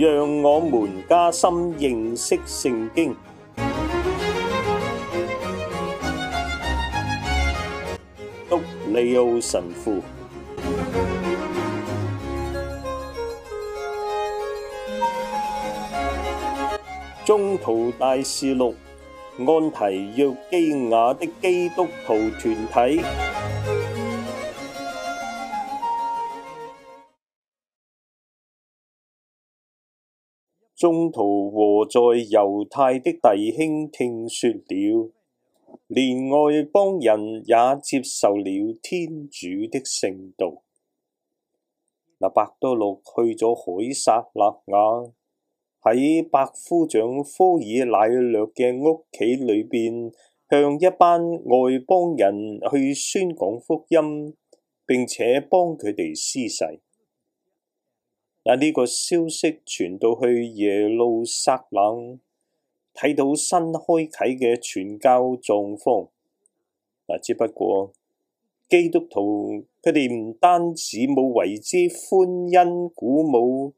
讓我們加深認識聖經。督 利奧神父， 宗徒大事錄，安提約基亞的基督徒團體。中途和在猶太的弟兄聽説了，連外邦人也接受了天主的聖道。那伯多祿去咗凱撒勒雅，喺百夫長科爾乃略嘅屋企裏邊，向一班外邦人去宣講福音，並且幫佢哋施洗。嗱，呢個消息傳到去耶路撒冷，睇到新開啓嘅傳教狀況。嗱，只不過基督徒佢哋唔單止冇為之歡欣鼓舞，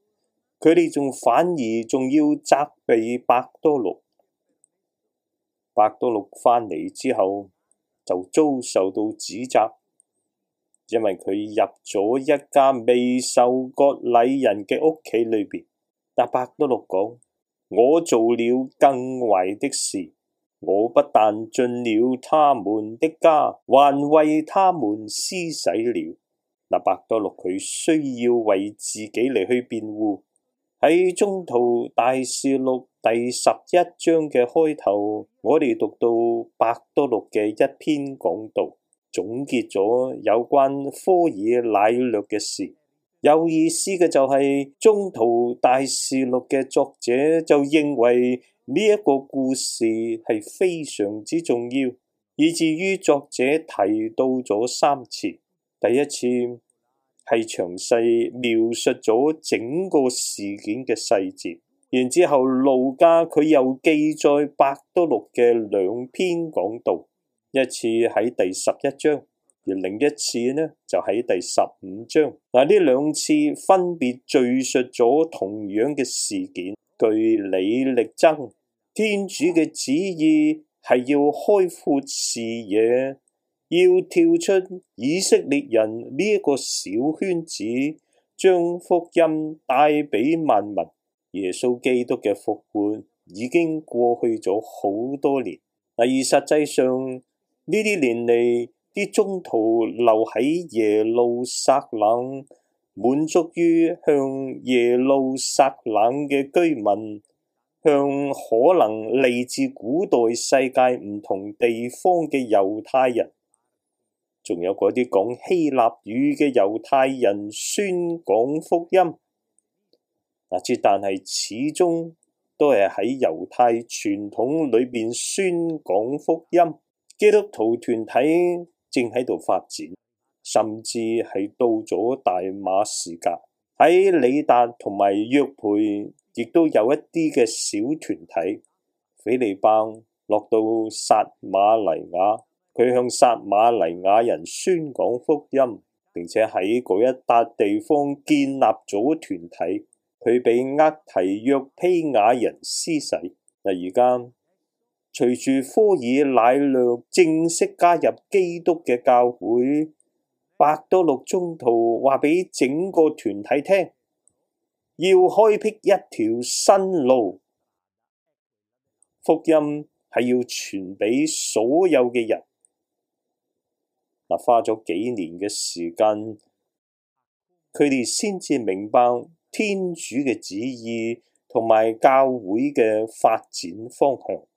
佢哋仲反而仲要責備伯多祿。伯多祿返嚟之後，就遭受到指責。因為佢入咗一間未受割禮人嘅屋企裏邊，那百多禄講：我做了更壞的事，我不但進了他們的家，還為他們施洗了。那百多禄佢需要為自己嚟去辯護。喺宗徒大事錄第十一章嘅開頭，我哋讀到百多禄嘅一篇講道。總結咗有關科爾乃略嘅事，有意思嘅就係、是、宗徒大事錄嘅作者就認為呢一個故事係非常之重要，以至於作者提到咗三次。第一次係詳細描述咗整個事件嘅細節，然之後路加佢又記載伯多祿嘅兩篇講道。一次喺第十一章，而另一次呢，就喺第十五章。嗱，呢兩次分別敘述咗同樣嘅事件，據理力爭。天主嘅旨意係要開闊視野，要跳出以色列人呢一個小圈子，將福音帶俾萬民。耶穌基督嘅復活已經過去咗好多年，嗱，而實際上。呢啲年嚟啲中途留喺耶路撒冷，滿足於向耶路撒冷嘅居民，向可能嚟自古代世界唔同地方嘅猶太人，仲有嗰啲講希臘語嘅猶太人宣講福音。嗱，但係始終都係喺猶太傳統裏邊宣講福音。基督徒團體正喺度發展，甚至係到咗大馬士革喺里達同埋約培，亦都有一啲嘅小團體。菲力邦落到撒馬黎雅，佢向撒馬黎雅人宣講福音，並且喺嗰一笪地方建立咗團體。佢俾厄提約披雅人施洗。嗱，而家。隨住科爾乃略正式加入基督嘅教會，伯多祿中途話俾整個團體聽，要開闢一條新路，福音係要傳俾所有嘅人。嗱，花咗幾年嘅時間，佢哋先至明白天主嘅旨意同埋教會嘅發展方向。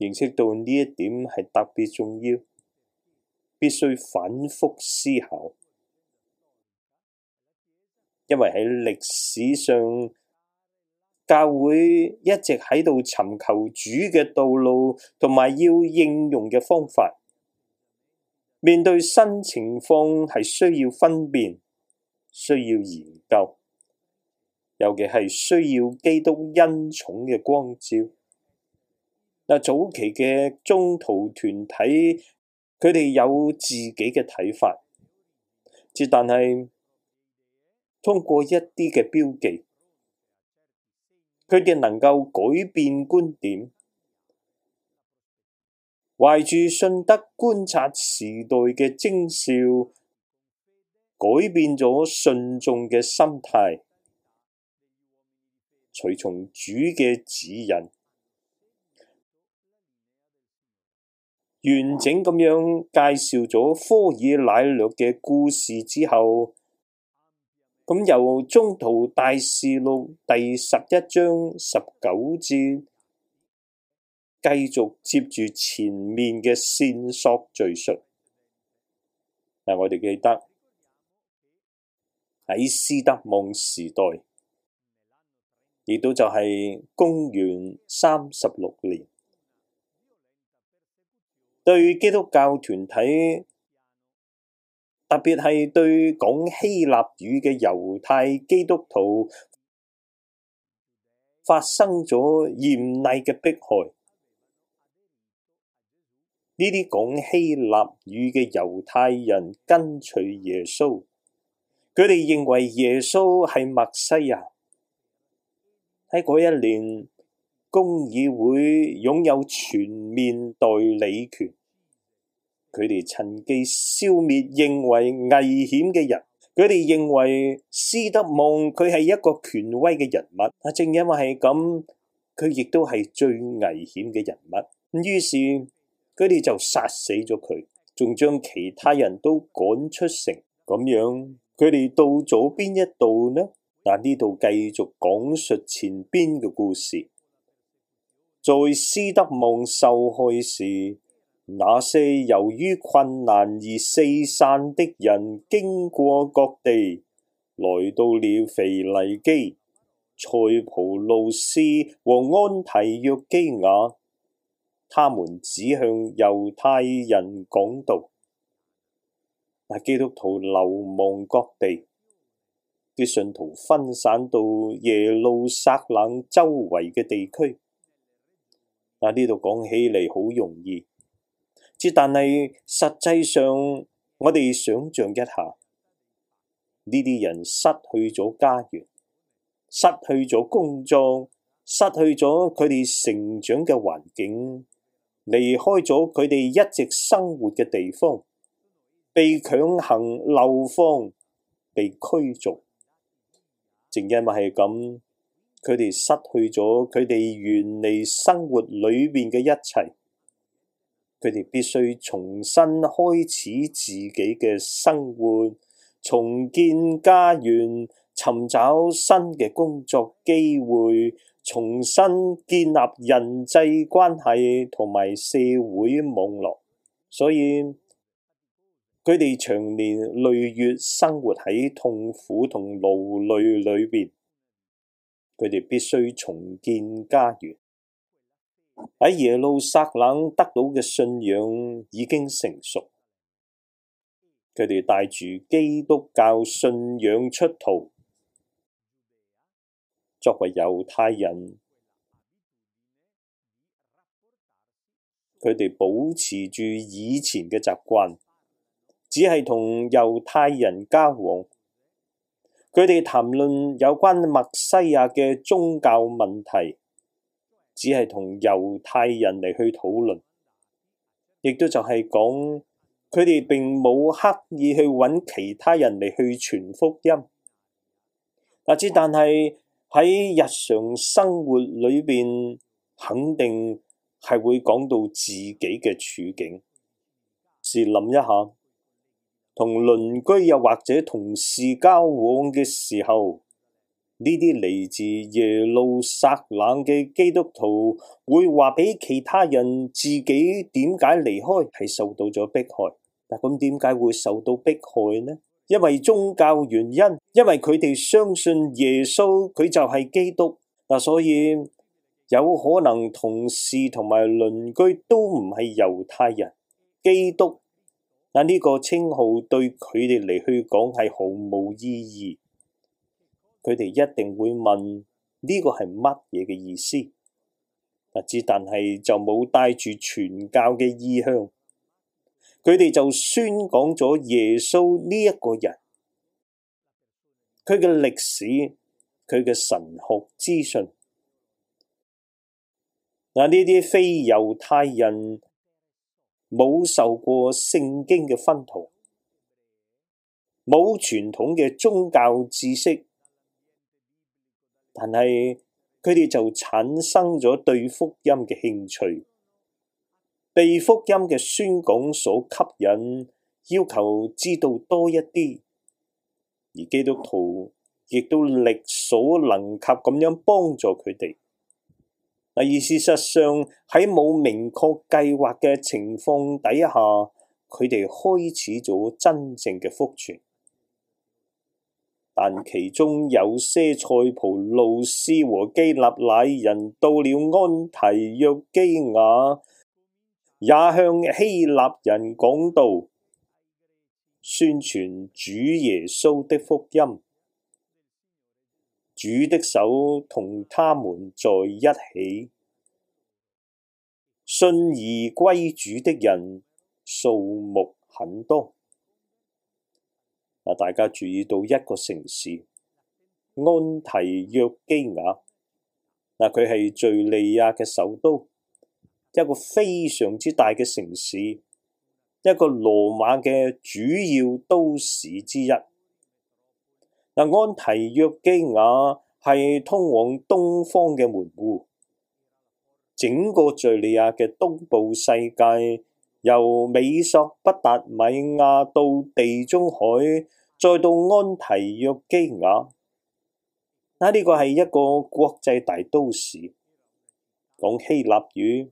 認識到呢一點係特別重要，必須反復思考，因為喺歷史上，教會一直喺度尋求主嘅道路同埋要應用嘅方法。面對新情況係需要分辨，需要研究，尤其係需要基督恩寵嘅光照。早期嘅宗徒團體，佢哋有自己嘅睇法，至但係通過一啲嘅標記，佢哋能夠改變觀點，懷住信德觀察時代嘅徵兆，改變咗信眾嘅心態，隨從主嘅指引。完整咁樣介紹咗科爾乃略嘅故事之後，咁由宗徒大事錄第十一章十九節繼續接住前面嘅線索敘述。嗱，我哋記得喺斯德望時代，亦都就係公元三十六年。對基督教團體，特別係對講希臘語嘅猶太基督徒，發生咗嚴厲嘅迫害。呢啲講希臘語嘅猶太人跟隨耶穌，佢哋認為耶穌係默西亞，喺嗰一年。公議會擁有全面代理權，佢哋趁機消滅認為危險嘅人。佢哋認為斯德望佢係一個權威嘅人物啊，正因為係咁，佢亦都係最危險嘅人物。於是佢哋就殺死咗佢，仲將其他人都趕出城。咁樣佢哋到咗邊一度呢？但呢度繼續講述前邊嘅故事。在斯德望受害時，那些由於困難而四散的人，經過各地，來到了腓尼基、塞浦路斯和安提約基亞。他們只向猶太人講道，但基督徒流亡各地，啲信徒分散到耶路撒冷周圍嘅地區。嗱，呢度、啊、講起嚟好容易，只但係實際上，我哋想象一下，呢啲人失去咗家園，失去咗工作，失去咗佢哋成長嘅環境，離開咗佢哋一直生活嘅地方，被強行流放，被驅逐，淨係咪係咁？佢哋失去咗佢哋原嚟生活裏邊嘅一切，佢哋必須重新開始自己嘅生活，重建家園，尋找新嘅工作機會，重新建立人際關係同埋社會網絡。所以佢哋長年累月生活喺痛苦同勞累裏邊。佢哋必須重建家園。喺耶路撒冷得到嘅信仰已經成熟，佢哋帶住基督教信仰出逃。作為猶太人，佢哋保持住以前嘅習慣，只係同猶太人交往。佢哋談論有關默西亞嘅宗教問題，只係同猶太人嚟去討論，亦都就係講佢哋並冇刻意去揾其他人嚟去傳福音。嗱，只但係喺日常生活裏邊，肯定係會講到自己嘅處境，試諗一下。同鄰居又或者同事交往嘅時候，呢啲嚟自耶路撒冷嘅基督徒會話俾其他人自己點解離開，係受到咗迫害。嗱，咁點解會受到迫害呢？因為宗教原因，因為佢哋相信耶穌佢就係基督。嗱，所以有可能同事同埋鄰居都唔係猶太人，基督。嗱，呢個稱號對佢哋嚟去講係毫無意義，佢哋一定會問呢個係乜嘢嘅意思？之但係就冇帶住傳教嘅意向，佢哋就宣講咗耶穌呢一個人，佢嘅歷史，佢嘅神學資訊。嗱，呢啲非猶太人。冇受過聖經嘅熏陶，冇傳統嘅宗教知識，但係佢哋就產生咗對福音嘅興趣，被福音嘅宣講所吸引，要求知道多一啲，而基督徒亦都力所能及咁樣幫助佢哋。第二，事實上，喺冇明確計劃嘅情況底下，佢哋開始咗真正嘅福傳。但其中有些塞浦路斯和基納乃人到了安提約基亞，也向希臘人講道，宣傳主耶穌的福音。主的手同他們在一起，信而歸主的人數目很多。大家注意到一個城市安提約基雅，佢係敘利亞嘅首都，一個非常之大嘅城市，一個羅馬嘅主要都市之一。安提約基亞係通往東方嘅門戶，整個叙利亞嘅東部世界由美索不達米亞到地中海，再到安提約基亞。呢個係一個國際大都市，講希臘語。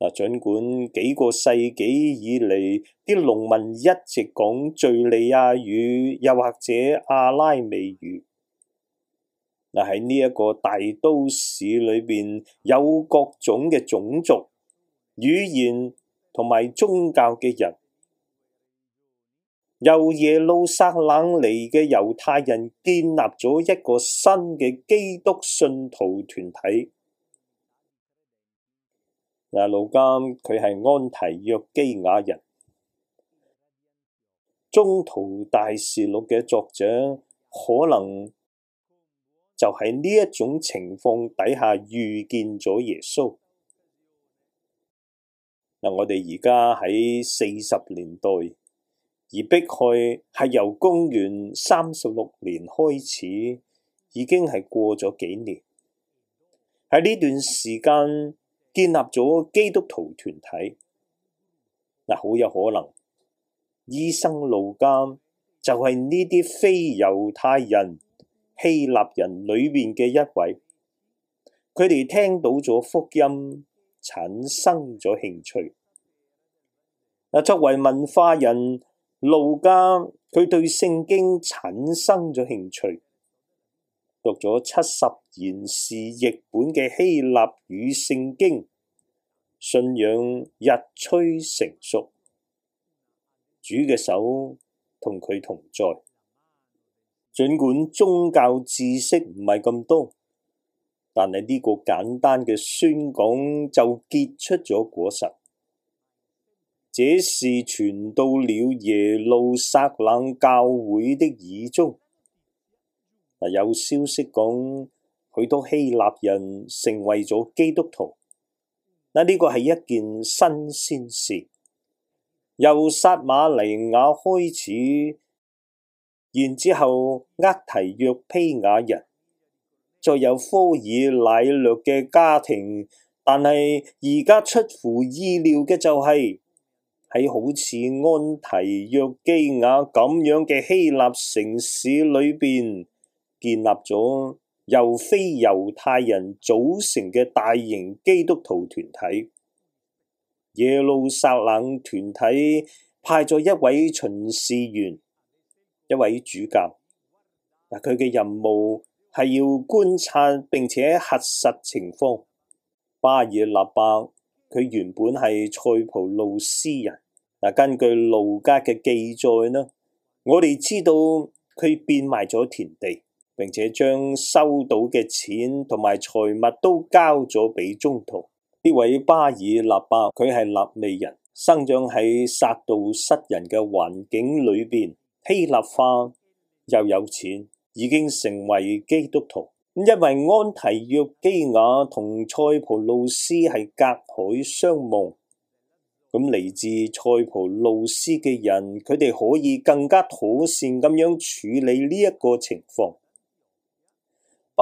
嗱，儘管幾個世紀以來，啲農民一直講敍利亞語，又或者阿拉美語。嗱，喺呢一個大都市裏邊，有各種嘅種族、語言同埋宗教嘅人，由耶路撒冷嚟嘅猶太人建立咗一個新嘅基督信徒團體。嗱，路加佢係安提約基亞人，《宗徒大事錄》嘅作者，可能就喺呢一種情況底下遇見咗耶穌。嗱，我哋而家喺四十年代，而迫害係由公元三十六年開始，已經係過咗幾年喺呢段時間。建立咗基督徒團體，嗱，好有可能，醫生路加就係呢啲非猶太人希臘人裏面嘅一位，佢哋聽到咗福音，產生咗興趣。嗱，作為文化人路加，佢對聖經產生咗興趣。讀咗七十賢士譯本嘅希臘語聖經，信仰日趨成熟，主嘅手同佢同在。盡管宗教知識唔係咁多，但係呢個簡單嘅宣講就結出咗果實。這事傳到了耶路撒冷教會的耳中。有消息講，許多希臘人成為咗基督徒，嗱，呢個係一件新鮮事。由撒馬尼雅開始，然之後厄提約披雅人，再有科爾奶略嘅家庭，但係而家出乎意料嘅就係、是、喺好似安提約基亞咁樣嘅希臘城市裏邊。建立咗由非猶太人組成嘅大型基督徒團體，耶路撒冷團體派咗一位巡視員，一位主教。嗱，佢嘅任務係要觀察並且核實情況。巴爾納伯佢原本係塞浦路斯人。嗱，根據路加嘅記載呢，我哋知道佢變賣咗田地。並且將收到嘅錢同埋財物都交咗俾宗徒。呢位巴爾納伯佢係肋未人，生長喺撒道失人嘅環境裏邊，希臘化又有錢，已經成為基督徒。因為安提約基亞同塞浦路斯係隔海相望，咁嚟自塞浦路斯嘅人，佢哋可以更加妥善咁樣處理呢一個情況。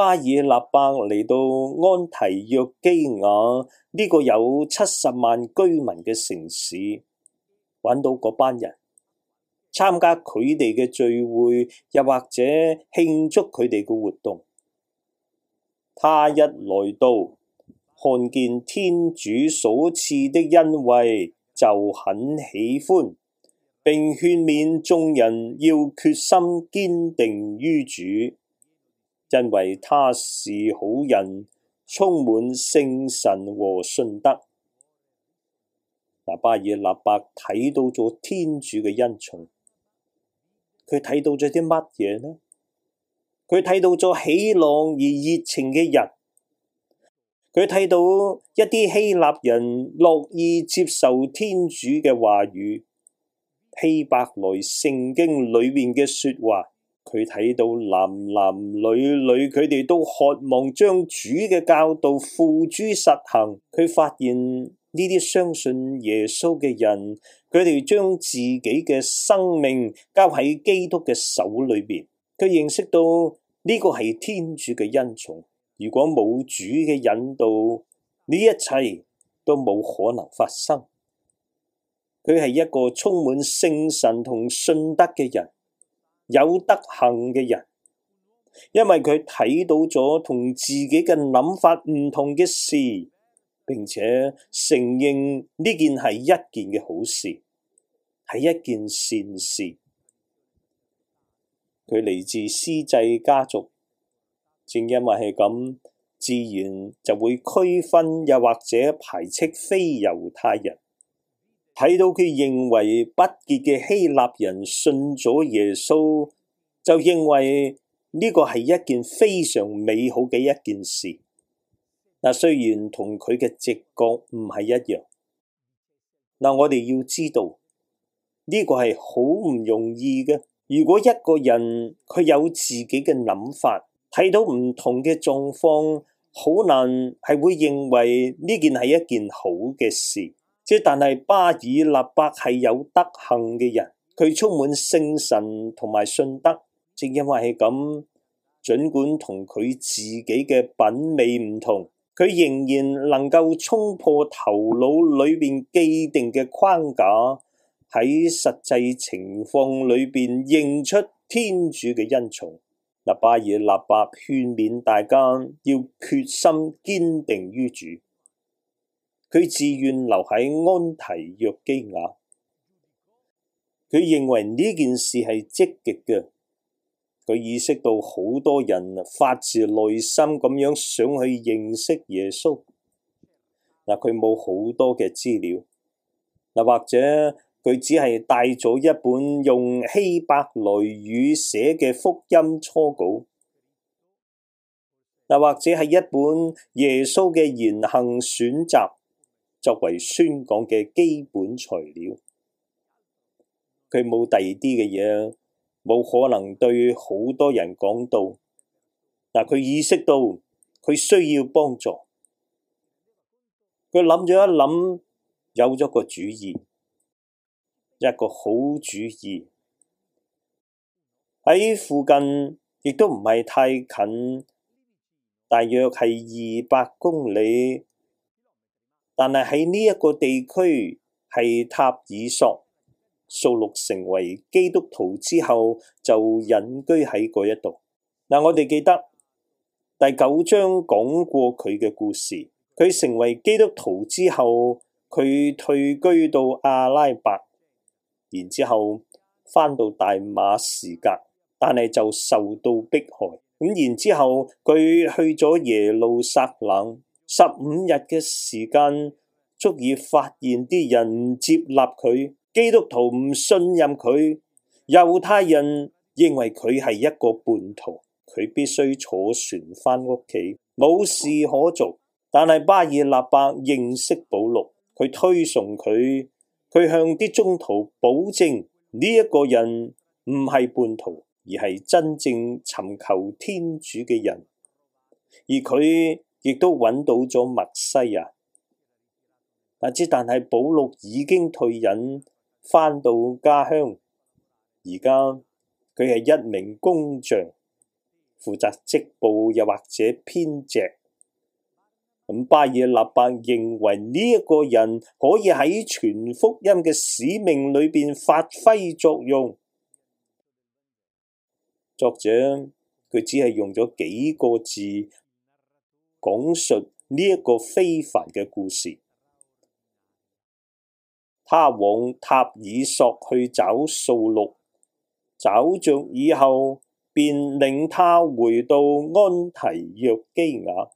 巴爾納伯嚟到安提約基雅呢個有七十萬居民嘅城市，揾到嗰班人參加佢哋嘅聚會，又或者慶祝佢哋嘅活動。他一來到，看見天主所賜的恩惠，就很喜歡，並勸勉眾人要決心堅定於主。因為他是好人，充滿聖神和信德。嗱，巴爾納伯睇到咗天主嘅恩寵，佢睇到咗啲乜嘢呢？佢睇到咗起朗而熱情嘅人，佢睇到一啲希臘人樂意接受天主嘅話語，希伯來聖經裏面嘅說話。佢睇到男男女女，佢哋都渴望將主嘅教導付諸實行。佢發現呢啲相信耶穌嘅人，佢哋將自己嘅生命交喺基督嘅手裏邊。佢認識到呢個係天主嘅恩寵。如果冇主嘅引導，呢一切都冇可能發生。佢係一個充滿聖神同信德嘅人。有德行嘅人，因為佢睇到咗同自己嘅諗法唔同嘅事，並且承認呢件係一件嘅好事，係一件善事。佢嚟自司祭家族，正因為係咁，自然就會區分又或者排斥非猶太人。睇到佢認為不潔嘅希臘人信咗耶穌，就認為呢個係一件非常美好嘅一件事。嗱，雖然同佢嘅直覺唔係一樣，嗱，我哋要知道呢個係好唔容易嘅。如果一個人佢有自己嘅諗法，睇到唔同嘅狀況，好難係會認為呢件係一件好嘅事。即但係巴爾納伯係有德行嘅人，佢充滿聖神同埋信德，正因為係咁，儘管同佢自己嘅品味唔同，佢仍然能夠衝破頭腦裏邊既定嘅框架，喺實際情況裏邊認出天主嘅恩寵。嗱，巴爾納伯勸勉大家要決心堅定於主。佢自願留喺安提約基雅，佢認為呢件事係積極嘅。佢意識到好多人發自內心咁樣想去認識耶穌，嗱，佢冇好多嘅資料，嗱，或者佢只係帶咗一本用希伯來語寫嘅福音初稿，嗱，或者係一本耶穌嘅言行選擇。作為宣講嘅基本材料，佢冇第二啲嘅嘢，冇可能對好多人講到。但佢意識到佢需要幫助，佢諗咗一諗，有咗個主意，一個好主意。喺附近，亦都唔係太近，大約係二百公里。但係喺呢一個地區，係塔爾索，掃祿成為基督徒之後，就隱居喺嗰一度。嗱、啊，我哋記得第九章講過佢嘅故事。佢成為基督徒之後，佢退居到阿拉伯，然之後返到大馬士革，但係就受到迫害。咁然之後，佢去咗耶路撒冷。十五日嘅時間足以發現啲人唔接納佢，基督徒唔信任佢，猶太人認為佢係一個叛徒，佢必須坐船返屋企，冇事可做。但係巴爾納伯認識保祿，佢推崇佢，佢向啲宗徒保證，呢一個人唔係叛徒，而係真正尋求天主嘅人，而佢。亦都揾到咗默西亞。但之但係保祿已經退隱，翻到家鄉。而家佢係一名工匠，負責織布又或者編織。咁巴爾納伯認為呢一個人可以喺全福音嘅使命裏邊發揮作用。作者佢只係用咗幾個字。講述呢一個非凡嘅故事，他往塔爾索去找掃祿，找着以後便令他回到安提約基亞。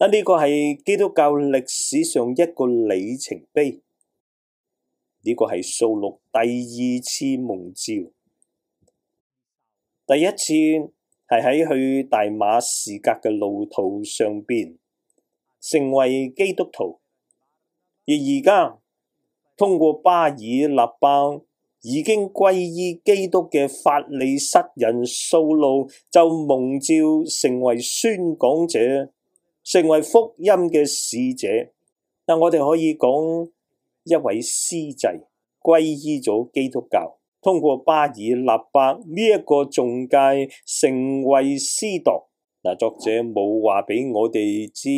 那、啊、呢、這個係基督教歷史上一個里程碑，呢、這個係掃祿第二次蒙召，第一次。係喺去大馬士革嘅路途上邊，成為基督徒。而而家通過巴爾納邦，已經皈依基督嘅法利塞人掃祿，就蒙召成為宣講者，成為福音嘅使者。但我哋可以講一位司祭皈依咗基督教。通過巴爾納伯呢一個中介成為使徒，嗱，作者冇話俾我哋知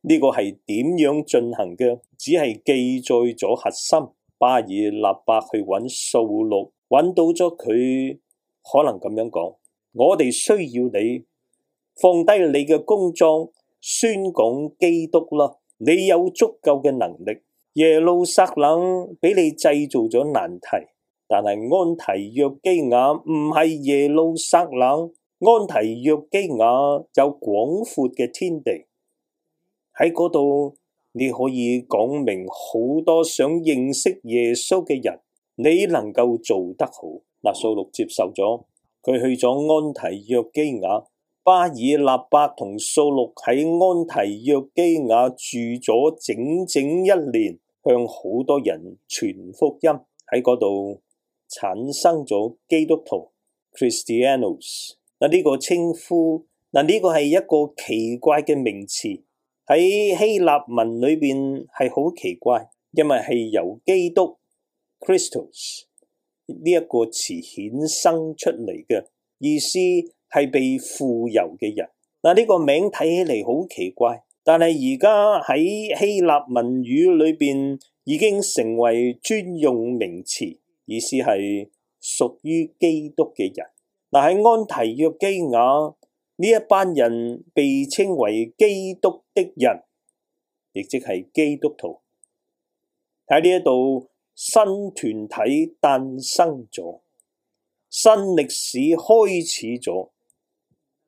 呢個係點樣進行嘅，只係記載咗核心。巴爾納伯去揾掃祿，揾到咗佢可能咁樣講：我哋需要你放低你嘅工作，宣講基督啦。你有足夠嘅能力，耶路撒冷俾你製造咗難題。但係安提約基雅唔係耶路撒冷，安提約基雅有廣闊嘅天地，喺嗰度你可以講明好多想認識耶穌嘅人，你能夠做得好。那掃祿接受咗，佢去咗安提約基雅，巴爾納伯同掃祿喺安提約基雅住咗整整一年，向好多人傳福音喺嗰度。產生咗基督徒 （Christians）。嗱，呢個稱呼，嗱，呢個係一個奇怪嘅名詞，喺希臘文裏邊係好奇怪，因為係由基督 （Christos） 呢一個詞衍生出嚟嘅，意思係被傅油嘅人。嗱，呢個名睇起嚟好奇怪，但係而家喺希臘文語裏邊已經成為專用名詞。意思係屬於基督嘅人，嗱喺安提約基亞呢一班人被稱為基督的人，亦即係基督徒。喺呢一度新團體誕生咗，新歷史開始咗，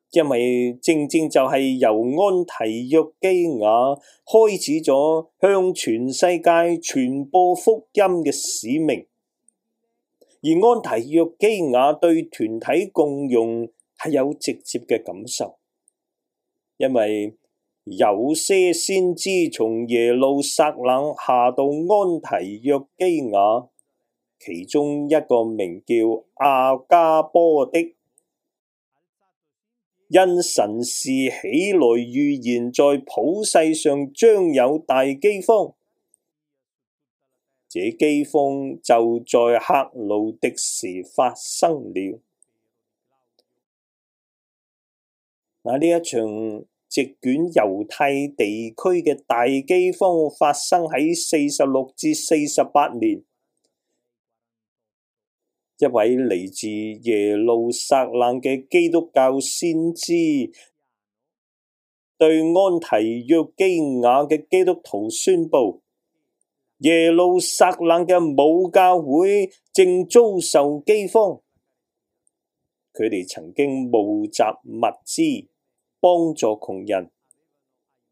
因為正正就係由安提約基亞開始咗向全世界傳播福音嘅使命。而安提約基亞對團體共用係有直接嘅感受，因為有些先知從耶路撒冷下到安提約基亞，其中一個名叫阿加波的，因神事起來預言在普世上將有大饑荒。這饑荒就在克勞狄的時發生了。啊！呢一場席捲猶太地區嘅大饑荒發生喺四十六至四十八年，一位嚟自耶路撒冷嘅基督教先知對安提約基雅嘅基督徒宣布。耶路撒冷嘅母教會正遭受饑荒，佢哋曾經募集物資幫助窮人，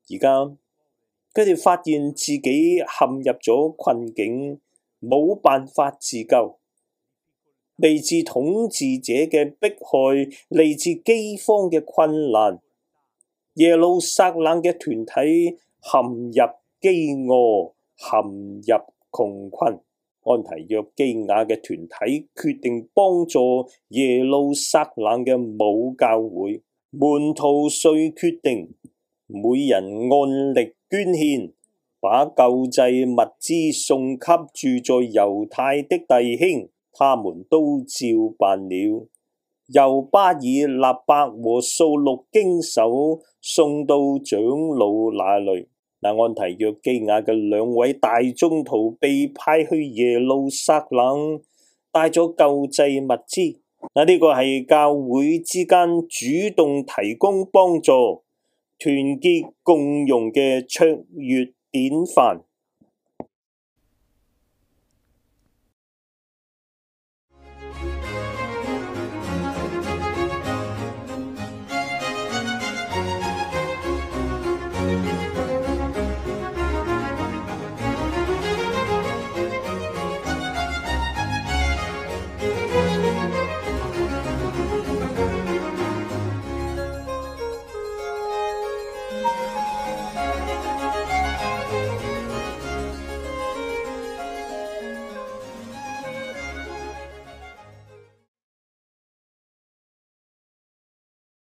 而家佢哋發現自己陷入咗困境，冇辦法自救。嚟自統治者嘅迫害，嚟自饑荒嘅困難，耶路撒冷嘅團體陷入饑餓。陷入窮困，安提約基亞嘅團體決定幫助耶路撒冷嘅母教會。門徒遂決定每人按力捐獻，把救濟物資送給住在猶太的弟兄。他們都照辦了。由巴爾納伯和掃祿經手送到長老那裏。但安提約基亞嘅兩位大宗徒被派去耶路撒冷，帶咗救濟物資。嗱，呢個係教會之間主動提供幫助、團結共融嘅卓越典範。